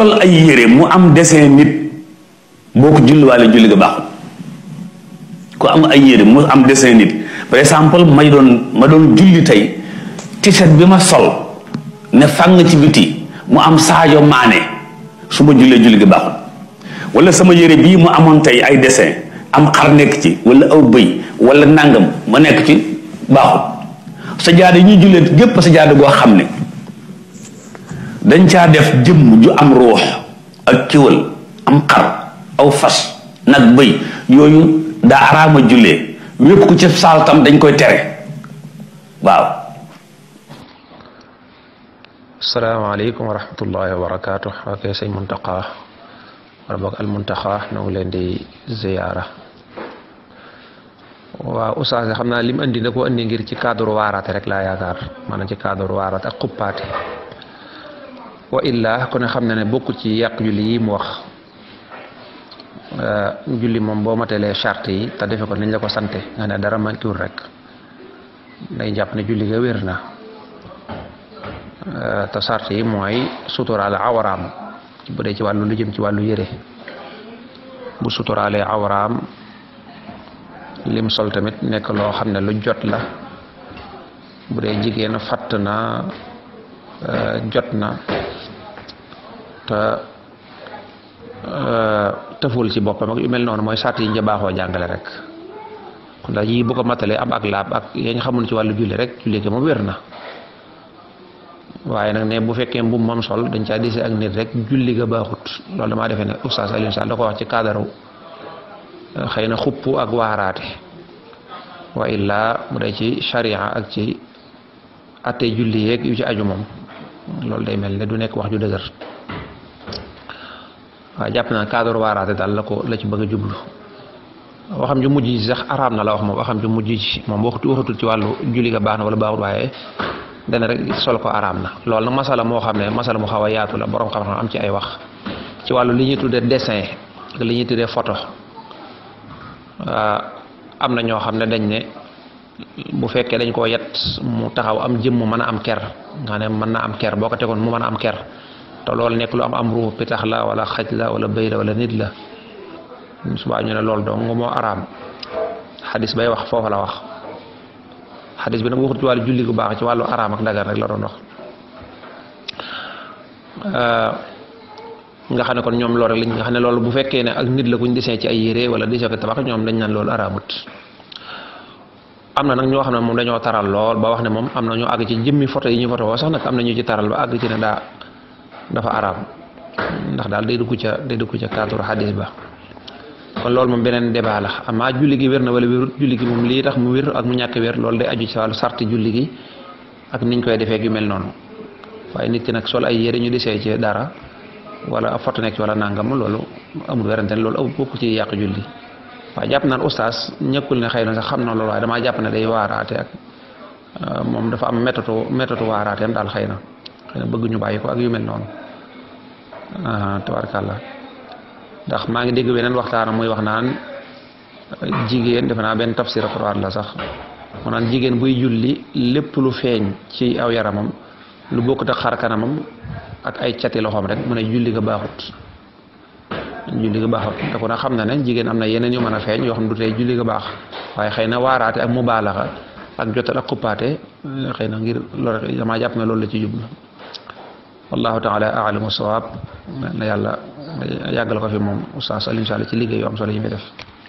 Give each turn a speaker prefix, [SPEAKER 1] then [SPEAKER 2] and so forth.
[SPEAKER 1] sol ay yére mu am desin nit boo ko julliwaale julli ga baaxul ku am ay yére mu am dessin nit par exemple may doon ma doon julli tey t bi ma sol ne fàng ci biti mu am Sadio Mané su ma jullee julli gi baaxul wala sama yére bii mu amoon tey ay dessin am xar nekk ci wala aw bëy wala nangam ma nekk ci baaxul sa jaada yi ñuy jullee gépp sa jaada goo xam ne dañ caa def jëmm ju am ruux ak kiwal am xar aw fas nag bëy yooyu daa xaraama jullee wépp ku ci saal dañ koy tere waaw
[SPEAKER 2] salaamaaleykum wa Muntaxa wala leen di ziyaara waaw oustaz xam naa lim andi da ko andi ngir ci cadre waaraate rek laa yaakaar maanaam ci cadre waaraate ak xuppaate wa illa ko ne xam na ne bokku ci yaq julli yi mu wax euh, julli mom bo matale charte yi ta ko la ko sante nga ne dara tour rek day japp ne julli ga werna na euh, ta charte yi moy sutural awram ci bude ci walu lu jëm ci walu yére bu sutural awram lim sol tamit nek lo xamne lu jot la bude fatna euh, te eh, tëful ci boppam ak yu mel noonu mooy sart yi ñu baaxoo jàngale rek kon daal yii bu ko matalee am ak laab ak yaa ñu xamul ci wàllu julli rek julli ko moom wér na waaye nag ne bu fekkee mbubb moom sol dañ caa ak nit rek julli ga baaxut loolu damaa defee ne oustaz Alioune Sall da ko wax ci kaadaru eh, xëy na xupp ak waaraate wa illaa mu day ci sharia ak ci atte julli yeeg yu ci aju moom loolu day mel ne du nekk wax ju dëgër waaye jàpp naa cadre waaraate daal la ko la ci bëgg a jublu waxam ju mujj ji sax araam na la wax moom waxam ju mujj ji moom waxtu waxatul ci wàllu julli ga baax na wala baaxul waaye dana rek sol ko araam na loolu nag masala moo xam ne masala mu xaw a yaatu la borom xam-xam am ci ay wax ci wàllu li ñuy tuddee dessin li ñuy tuddee photo ah, am na ñoo xam ne dañ ne bu fekkee dañ koo yet mu taxaw am jëm jëmm mën a am ker nga ne mën na am ker boo ko tegoon mu mën a am ker te lol nek hmm, lu am amru pitax la wala xaj la wala bëy la wala nit la subaa ñu ne loolu dong moo aram xadis bay wax fofu la wax hadith bi nag waxu ci wàllu julli gu bax ci walu aram ak dagar rek la doon wax eh, nga xane kon ñom loolu rek li nga xane lol bu fekke ne ak nit la ci ay wala desee ko tabax ñom dañ nan lol aramut amna nak ñoo xam moom dañoo taral lool ba wax ne moom amna ñu ci jëmmi photo yi ñu photo sax nak amna ñu ci taral ba ag ci na da dafa arab ndax dal day dugg ca day dugg ca cadre hadith ba kon loolu mom benen débat la amaa julli gi werna wala wérut julli gi mom li tax mu wir ak mu ñak wér loolu day aju ci walu sarti julli gi ak niñ koy defé gi mel non way nit ki nak sol ay ñu ci dara wala foto nek ci wala nangam loolu amul wérante ne loolu amul bokk ci yaq julli wa japp nan oustaz ñekul ne xeyna na sax xamna na way dama japp ne day waraté ak euh, mom dafa am méthode méthode waraté dal xeyna bëgguñu bàyyi ko ak yu mel noonu ah, tabarkàlla ndax maa ngi dégg beneen waxtaan muy wax naan jigéen defe naa benn tafsir Quran la sax mu naan jigéen buy julli lépp lu feeñ ci aw yaramam lu bokkut ta xar kanamam ak ay cati loxom rek mu ne julli ga baaxut julli ga baaxut da ko na xam na ne eh, jigéen am na yeneen yu mën a feeñ yoo xam du tey julli ga baax waaye xëy na waaraate ak mubaalaxa kan. ak jotal ak kuppaate eh. xëy na ngir lor damaa jàpp ne loolu la ci jublu والله تعالى اعلم الصواب يلا يغلق في موم استاذ سليم صالح تي ليغي يو ام سوليي